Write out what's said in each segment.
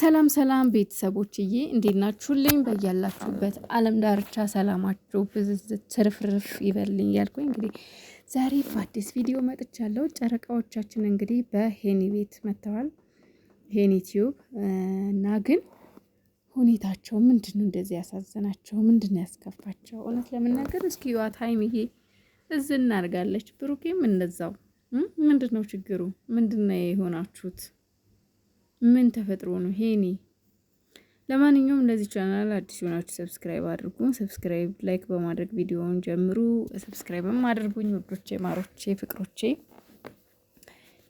ሰላም ሰላም ቤተሰቦችዬ እንዴት ናችሁልኝ? በያላችሁበት ዓለም ዳርቻ ሰላማችሁ ብዝዝት ትርፍርፍ ይበልኝ ያልኩኝ እንግዲህ ዛሬ በአዲስ ቪዲዮ መጥቻለሁ። ጨረቃዎቻችን እንግዲህ በሄኒ ቤት መጥተዋል። ሄኒ ቲዩብ እና ግን ሁኔታቸው ምንድን ነው? እንደዚህ ያሳዘናቸው ምንድን ነው ያስከፋቸው? እውነት ለመናገር እስኪ ዋት ሀይሚዬ እዝ እናርጋለች ብሩኬም እንደዛው ምንድን ነው ችግሩ? ምንድን ነው የሆናችሁት? ምን ተፈጥሮ ነው ሄኒ ለማንኛውም ለዚህ ቻናል አዲስ የሆናችሁ ሰብስክራይብ አድርጉ። ሰብስክራይብ፣ ላይክ በማድረግ ቪዲዮውን ጀምሩ። ሰብስክራይብም አድርጉኝ ውዶቼ፣ ማሮቼ፣ ፍቅሮቼ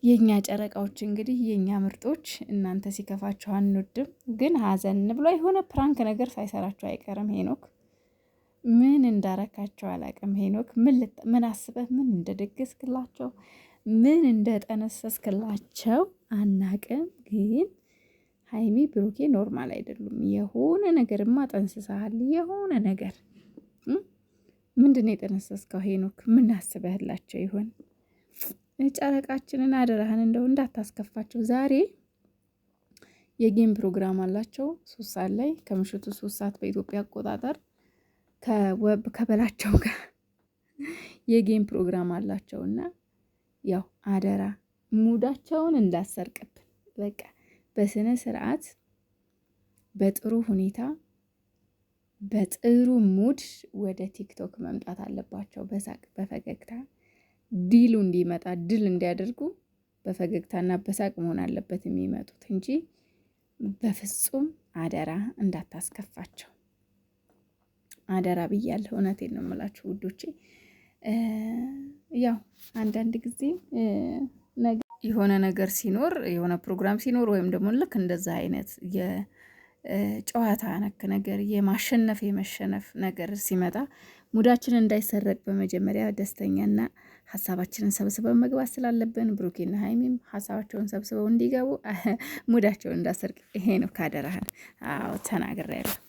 የኛ ጨረቃዎች እንግዲህ የኛ ምርጦች እናንተ ሲከፋችሁ አንወድም፣ ግን ሀዘን ብሎ የሆነ ፕራንክ ነገር ሳይሰራችሁ አይቀርም። ሄኖክ ምን እንዳረካቸው አላቅም። ሄኖክ ምን አስበህ ምን እንደደገስክላቸው ምን እንደጠነሰስክላቸው አናቅም፣ ግን ሀይሚ ብሩኬ ኖርማል አይደሉም። የሆነ ነገርማ ጠንስሰሃል። የሆነ ነገር ምንድን የጠነሰስከው ሄኖክ? ምን አስበህላቸው ይሆን? ጨረቃችንን አደራህን እንደው እንዳታስከፋቸው። ዛሬ የጌም ፕሮግራም አላቸው ሶስት ሰዓት ላይ ከምሽቱ ሶስት ሰዓት በኢትዮጵያ አቆጣጠር ከወብ ከበላቸው ጋር የጌም ፕሮግራም አላቸውና ያው አደራ ሙዳቸውን እንዳሰርቅብን በቃ በስነ ስርዓት በጥሩ ሁኔታ በጥሩ ሙድ ወደ ቲክቶክ መምጣት አለባቸው። በሳቅ በፈገግታ ዲሉ እንዲመጣ ድል እንዲያደርጉ በፈገግታና በሳቅ መሆን አለበት የሚመጡት እንጂ በፍጹም አደራ እንዳታስከፋቸው። አደራ ብያለሁ። እውነቴን ነው የምላችሁ ውዶቼ። ያው አንዳንድ ጊዜ የሆነ ነገር ሲኖር የሆነ ፕሮግራም ሲኖር ወይም ደግሞ ልክ እንደዛ አይነት የጨዋታ ነክ ነገር የማሸነፍ የመሸነፍ ነገር ሲመጣ ሙዳችን እንዳይሰረቅ በመጀመሪያ ደስተኛና ሀሳባችንን ሰብስበን መግባት ስላለብን ብሩኬና ሀይሚም ሀሳባቸውን ሰብስበው እንዲገቡ ሙዳቸውን እንዳሰርቅ ይሄ ነው ካደራህን። አዎ ተናግሬያለሁ።